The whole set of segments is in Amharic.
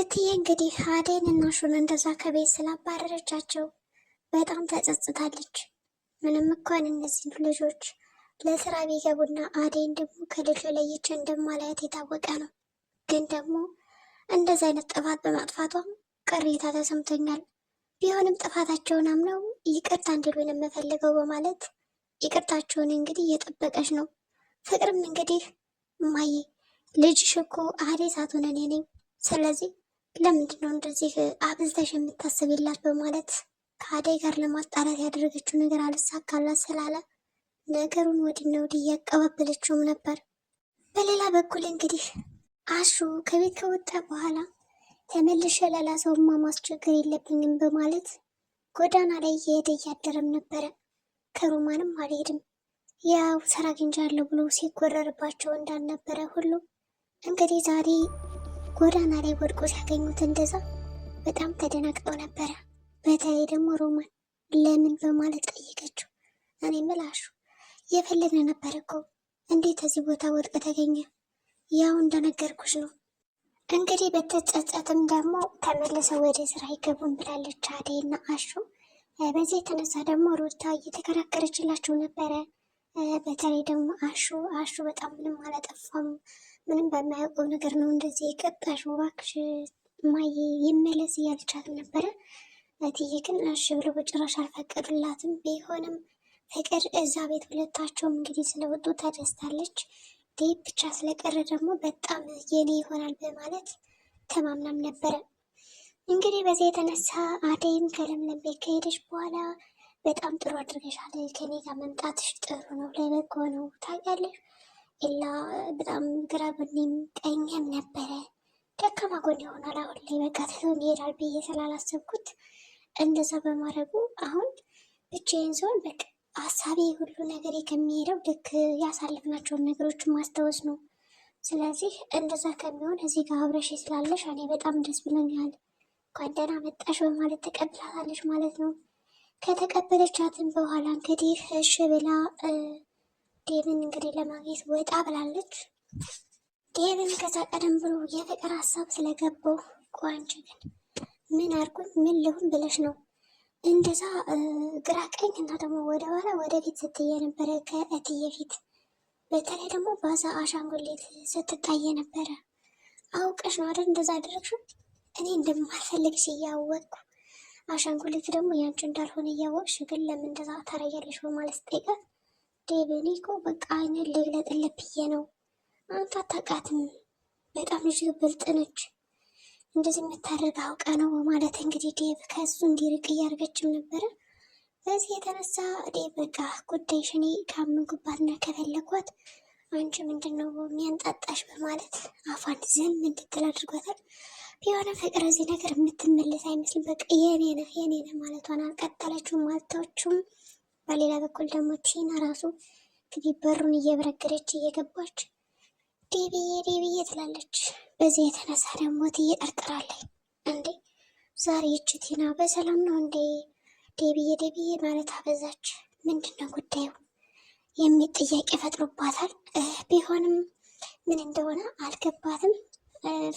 እትዬ እንግዲህ አደይን እና ሹን እንደዛ ከቤት ስላባረረቻቸው በጣም ተጸጽታለች። ምንም እንኳን እነዚህ ልጆች ለስራ ቢገቡና አደይን ደግሞ ከልጁ ለይቼ እንደማላያት የታወቀ ነው። ግን ደግሞ እንደዚ አይነት ጥፋት በማጥፋቷም ቅሬታ ተሰምቶኛል። ቢሆንም ጥፋታቸውን አምነው ይቅርታ እንዲሉ የምፈልገው በማለት ይቅርታቸውን እንግዲህ እየጠበቀች ነው። ፍቅርም እንግዲህ እማዬ ልጅሽ እኮ አደይ ሳትሆን እኔ ነኝ። ስለዚህ ለምንድን ነው እንደዚህ አብዝተሽ የምታስብላት በማለት ከአደይ ጋር ለማጣራት ያደረገችው ነገር አልሳካላት ስላለ ነገሩን ወዲና ወዲህ እያቀባበለችውም ነበር። በሌላ በኩል እንግዲህ አሹ ከቤት ከወጣ በኋላ ተመልሼ ሌላ ሰውማ ማስቸገር የለብኝም በማለት ጎዳና ላይ እየሄደ እያደረም ነበረ። ከሮማንም አልሄድም ያው ሰራ አለው ብሎ ሲጎረርባቸው እንዳልነበረ ሁሉ እንግዲህ ዛሬ ጎዳና ላይ ወድቆ ሲያገኙት እንደዛ በጣም ተደናግጠው ነበረ። በተለይ ደግሞ ሮማን ለምን በማለት ጠየቀችው። እኔ ምላሹ የፈለግን ነበር እኮ እንዴት እዚህ ቦታ ወድቀ ተገኘ? ያው እንደነገርኩሽ ነው። እንግዲህ በተጸጸትም ደግሞ ተመልሰው ወደ ስራ ይገቡን ብላለች አደይና አሹ። በዚህ የተነሳ ደግሞ ሩታ እየተከራከረችላቸው ነበረ። በተለይ ደግሞ አሹ አሹ በጣም ምንም አላጠፋም ምንም በማያውቀው ነገር ነው እንደዚህ የገባሽ እባክሽ ማየ ይመለስ እያለቻት ነበረ። እትዬ ግን እሺ ብሎ በጭራሽ አልፈቀዱላትም። ቢሆንም ፍቅር እዛ ቤት ሁለታቸውም እንግዲህ ስለወጡ ተደስታለች። ዴብ ብቻ ስለቀረ ደግሞ በጣም የኔ ይሆናል በማለት ተማምናም ነበረ። እንግዲህ በዚህ የተነሳ አደይም ከለምለም ቤት ከሄደች በኋላ በጣም ጥሩ አድርገሻል፣ ከኔ ጋር መምጣትሽ ጥሩ ነው፣ ለበጎ ነው፣ ታውቂያለሽ ኤላ በጣም ግራ ቀኝም ነበረ። ደካማ ጎን ይሆናል አሁን ላይ በቃ ይሄዳል ብዬ ስላላሰብኩት እንደዛ በማድረጉ አሁን ብቻዬን ሲሆን በቃ ሀሳቤ ሁሉ ነገር ከሚሄደው ልክ ያሳለፍናቸውን ነገሮች ማስታወስ ነው። ስለዚህ እንደዛ ከሚሆን እዚህ ጋር አብረሽ ስላለሽ እኔ በጣም ደስ ብሎኛል። እንኳን ደህና መጣሽ በማለት ተቀብላታለች ማለት ነው። ከተቀበለቻትን በኋላ እንግዲህ እሽ ብላ ዴብን እንግዲህ ለማግኘት ወጣ ብላለች። ዴብን ከዛ ቀደም ብሎ የፍቅር ሀሳብ ስለገባው ቆንጆ ግን ምን አድርጉኝ ምን ልሁን ብለሽ ነው እንደዛ ግራ ቀኝ እና ደግሞ ወደ ኋላ ወደፊት ስትየ ነበረ ከእትዬ ፊት በተለይ ደግሞ ባዛ አሻንጉሊት ስትታየ ነበረ። አውቀሽ ነው አይደል እንደዛ አደረግሽው? እኔ እንደማልፈልግሽ እያወቅኩ አሻንጉሊት ደግሞ ያንቺ እንዳልሆነ እያወቅሽ ግን ለምን እንደዛ ታረያለሽ? በማለት ስጠይቃት ዴቭ እኔ እኮ በቃ አይነት ልግለጥልህ ብዬ ነው። አንተ አታውቃትም፣ በጣም ልጅ ብልጥ ነች። እንደዚህ የምታደርግ አውቃ ነው ማለት እንግዲህ ዴቭ ከእሱ እንዲርቅ እያደረገችም ነበረ። በዚህ የተነሳ ዴቭ በቃ ጉዳይ ሽኔ ካመንኩባትና ከፈለጓት አንቺ ምንድን ነው የሚያንጣጣሽ? በማለት አፏን ዝም እንድትል አድርጓታል። ቢሆነ ፍቅር እዚህ ነገር የምትመለስ አይመስልም። በቃ የኔ ነህ የኔ ነህ ማለቷን አልቀጠለችውም አልታዎችም በሌላ በኩል ደግሞ ቲና ራሱ እንግዲህ በሩን እየበረገደች እየገባች ዴብዬ ዴብዬ ትላለች። በዚህ የተነሳ ደግሞ ትዬ ጠርጥራለች። እንዴ ዛሬ ይች ቲና በሰላም ነው እንዴ? ዴብዬ ዴብዬ ማለት አበዛች። ምንድን ነው ጉዳዩ የሚል ጥያቄ ፈጥሮባታል። ቢሆንም ምን እንደሆነ አልገባትም።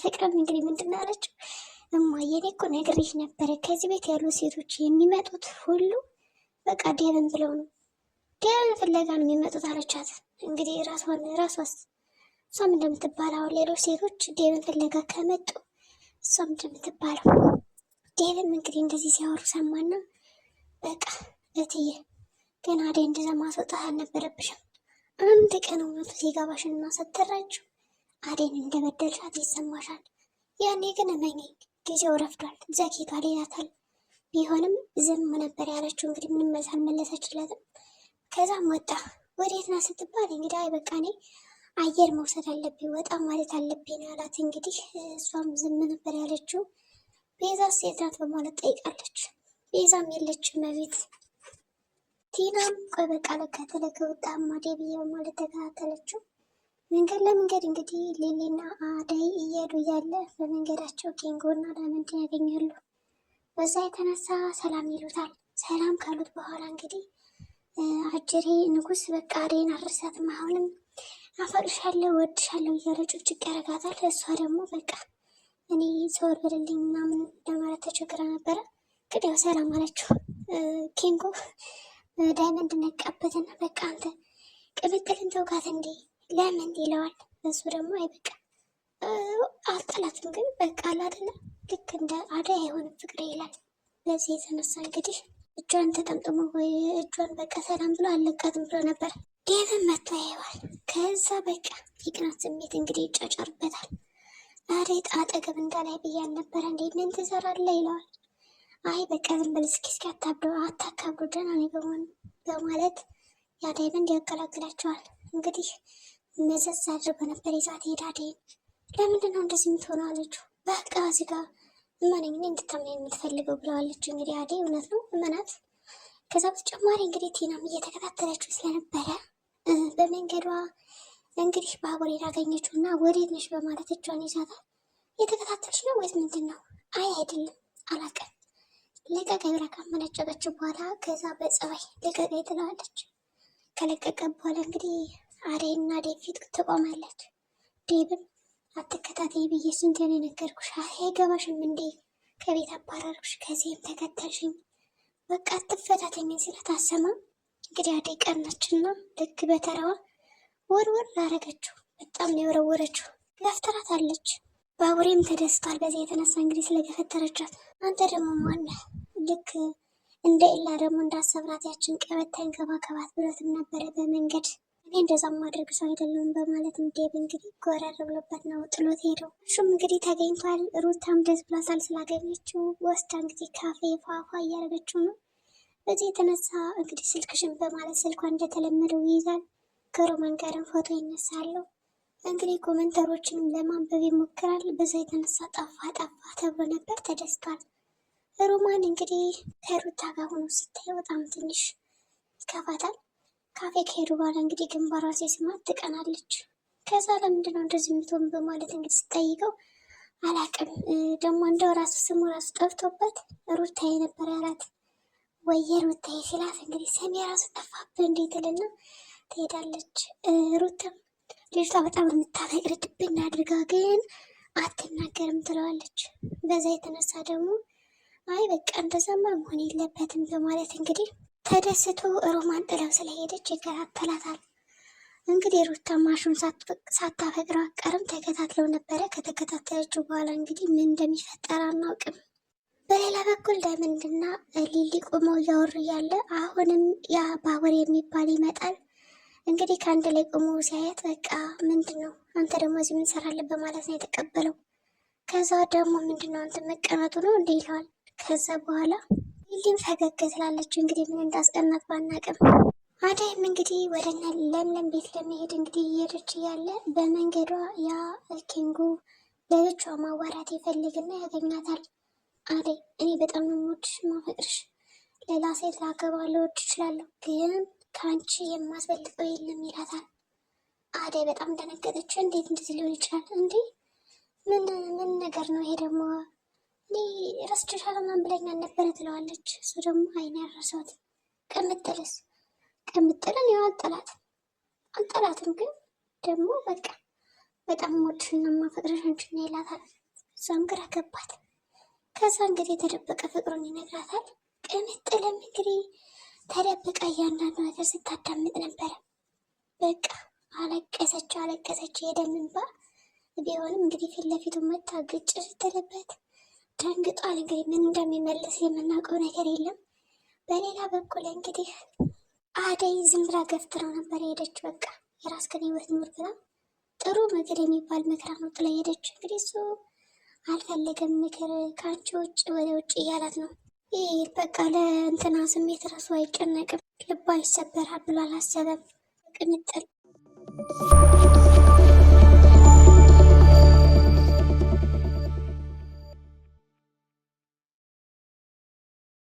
ፍቅርም እንግዲህ ምንድን ነው ያለችው? እማዬ እኔ እኮ ነግሬሽ ነበረ ከዚህ ቤት ያሉ ሴቶች የሚመጡት ሁሉ በቃ ዴንን ብለው ነው ዴንን ፍለጋ ነው የሚመጡት አለቻት። እንግዲህ ራሷን ራሷስ እሷም እንደምትባለው ሌሎች ሴቶች ዴንን ፍለጋ ከመጡ እሷም እንደምትባለው ዴንም እንግዲህ እንደዚህ ሲያወሩ ሰማና በቃ እትዬ ገና ዴ እንደዛ ማስወጣት አልነበረብሽም። አንድ ቀን እውነቱ ሲገባሽና ሰተራችሁ አዴን እንደበደልሻት ይሰማሻል። ያኔ ግን እመኚኝ ጊዜው ረፍዷል። ዘኪ ጋር ይላታል። ቢሆንም ዝም ነበር ያለችው። እንግዲህ ምንም መልስ አልመለሰችለትም። ከዛም ወጣ። ወዴት ና ስትባል እንግዲህ አይ በቃ እኔ አየር መውሰድ አለብኝ ወጣ ማለት አለብኝ ነው ያላት። እንግዲህ እሷም ዝም ነበር ያለችው። ቤዛ ሴት ናት በማለት ጠይቃለች። ቤዛም የለችም መቤት ቲናም ቆይ በቃ ለካ ተለከ ወጣ ማዴ ብዬ በማለት ተከታተለችው። መንገድ ለመንገድ እንግዲህ ሌሌና አደይ እየሄዱ እያለ በመንገዳቸው ኬንጎና ዳመንድን ያገኛሉ። በዛ የተነሳ ሰላም ይሉታል። ሰላም ካሉት በኋላ እንግዲህ አጅሬ ንጉስ በቃ አደይን አድርሳትም አሁንም አፈቅሻለሁ ወድሻለሁ እያለ ጭቅጭቅ ያረጋታል። እሷ ደግሞ በቃ እኔ ሰወር በደልኝ ምናምን ለማለት ተቸግረ ነበረ። ግን ያው ሰላም አለችው። ኪንጎ ዳይመንድ ነቃበትና በቃ አንተ ቅብጥልን ተውጋት እንዴ ለምን ይለዋል። እሱ ደግሞ አይ በቃ አልጠላትም ግን በቃ አላደለም ልክ እንደ አደይ የሆነ ፍቅር ይላል። በዚህ የተነሳ እንግዲህ እጇን ተጠምጥሞ ወይ እጇን በቃ ሰላም ብሎ አለቃትም ብሎ ነበር። ዴቭን መጥቶ ያየዋል። ከዛ በቃ የቅናት ስሜት እንግዲህ ይጫጫርበታል። አደይ አጠገብ እንዳላይ ብያል ነበረ እንዴ ምን ትሰራለ? ይለዋል። አይ በቃ ዝም በል እስኪ እስኪ አታብዶ አታካብዶ ደህና ነው በሆን በማለት የአደይ በንድ እንግዲህ መዘዝ አድርጎ ነበር የዛት ሄድ አደይን ለምንድን ነው እንደዚህ የምትሆነው አለችው። በቃ ስጋ ጋር እመነኝ እንድታምነኝ የምትፈልገው ብለዋለች። እንግዲህ አዴ እውነት ነው እመናት። ከዛ በተጨማሪ እንግዲህ ቲናም እየተከታተለችው ስለነበረ በመንገዷ እንግዲህ ባቡሬን አገኘችው እና ወዴት ነሽ በማለት እጇን ይዛታል። እየተከታተልሽ ነው ወይስ ምንድን ነው? አይ አይደለም አላውቅም ለቀቀ ብላ ካመነጨበች በኋላ ከዛ በጸባይ ለቀቀ ትለዋለች። ከለቀቀ በኋላ እንግዲህ አደይና ዴቭ ፊት ትቆማለች። ዴቭም አትከታተይ ብዬ ስንቴን የነገርኩሽ? አይገባሽም እንዴ? ከቤት አባረርኩሽ፣ ከዚህም ተከተልሽኝ። በቃ አትፈታተኝን ስለታሰማ እንግዲህ አደይ ቀናችና ልክ በተራዋ ወርወር አረገችው በጣም ነው የወረወረችው። ገፍትራት አለች። ባቡሬም ተደስቷል። በዚህ የተነሳ እንግዲህ ስለገፈተረቻት አንተ ደግሞ ማለህ ልክ እንደ ኢላ ደግሞ እንዳሰብራት ያችን ቀበታይን ከባከባት ብሎትም ነበረ በመንገድ እኔ እንደዛም ማድረግ ሰው አይደለሁም በማለት እንዴብ እንግዲህ ጎረር ብሎበት ነው ጥሎት ሄደው። እሹም እንግዲህ ተገኝቷል። ሩታም ደስ ብሏታል ስላገኘችው። ወስዳ እንግዲህ ካፌ ፏፏ እያደረገችው ነው። በዚህ የተነሳ እንግዲህ ስልክሽን በማለት ስልኳ እንደተለመደው ይይዛል። ከሮማን ጋርም ፎቶ ይነሳለሁ እንግዲህ ኮመንተሮችንም ለማንበብ ይሞክራል። በዛ የተነሳ ጠፋ ጠፋ ተብሎ ነበር። ተደስቷል። ሮማን እንግዲህ ከሩታ ጋር ሆኖ ስታይ በጣም ትንሽ ይከፋታል። ካፌ ከሄዱ በኋላ እንግዲህ ግንባሯ ሲስማት ትቀናለች። ከዛ ለምንድነው እንደዚህ የምትሆን በማለት እንግዲህ ስጠይቀው አላቅም ደግሞ እንደው ራሱ ስሙ ራሱ ጠፍቶበት ሩታዬ ነበር ያላት። ወየ ሩታዬ ሲላት እንግዲህ ስሜ ራሱ ጠፋብህ እንዴትልና ትሄዳለች። ሩትም ልጅቷ በጣም የምታፈቅር ድብና አድርጋ ግን አትናገርም ትለዋለች። በዛ የተነሳ ደግሞ አይ በቃ እንደዛማ መሆን የለበትም በማለት እንግዲህ ተደስቶ ሮማን ጥለው ስለሄደች ይከታተላታል። እንግዲህ ሩታ ማሹን ሳታፈቅረው አቀርም ተከታትለው ነበረ። ከተከታተለችው በኋላ እንግዲህ ምን እንደሚፈጠር አናውቅም። በሌላ በኩል ዳይመንድና ሊሊ ቁመው እያወሩ እያለ አሁንም ያ ባቡር የሚባል ይመጣል። እንግዲህ ከአንድ ላይ ቁሞ ሲያየት በቃ ምንድን ነው አንተ ደግሞ እዚህ ምን ሰራለህ በማለት ነው የተቀበለው። ከዛ ደግሞ ምንድን ነው አንተ መቀመጡ ነው እንደ ይለዋል። ከዛ በኋላ ሁሉም ፈገግ ትላለች። እንግዲህ ምን እንዳስቀናት ባናቅም አዳይም እንግዲህ ወደ እነ ለምለም ቤት ለመሄድ እንግዲህ እየሄደች እያለ በመንገዷ ያ ኪንጉ ለልጇ ማዋራት ይፈልግና ያገኛታል። አዳይ እኔ በጣም ነው የምወድሽ ማፈቅርሽ ሌላ ሴት ላገባ ልወድ እችላለሁ፣ ግን ከአንቺ የማስፈልገው የለም ይላታል። አደይ በጣም ደነገጠች። እንዴት እንደዚህ ሊሆን ይችላል? እንዴ ምን ምን ነገር ነው ይሄ ደግሞ እኔ ረስቼሻለሁ ምናምን ብለኝ አልነበረ ትለዋለች። እሱ ደግሞ አይን ያረሰውት ቅምጥልስ ቅምጥልን ያው አልጠላት አልጠላትም፣ ግን ደግሞ በቃ በጣም ሞድሽና ማፈቅረሽ አንቺን ይላታል። እሷም ግራ ገባት። ከዛ እንግዲህ የተደበቀ ፍቅሩን ይነግራታል። ቅምጥልም እንግዲህ ተደብቃ እያንዳንዱ ነገር ስታዳምጥ ነበረ። በቃ አለቀሰች አለቀሰች የደም እንባ ቢሆንም እንግዲህ ፊት ለፊቱ መታ ግጭ ስትልበት ደንግጧል። እንግዲህ ምን እንደሚመልስ የምናውቀው ነገር የለም። በሌላ በኩል እንግዲህ አደይ ዝም ብላ ገፍትረው ነበር የሄደች። በቃ የራስ ከን ህይወት ኑር ብላ ጥሩ ምክር የሚባል ምክር ነው ላይ ሄደች። እንግዲህ እሱ አልፈለገም ምክር ከአንቺ ውጭ ወደ ውጭ እያላት ነው። ይህ በቃ ለእንትና ስሜት ራሱ አይጨነቅም፣ ልቧ ይሰበራል ብሎ አላሰበም ቅምጥል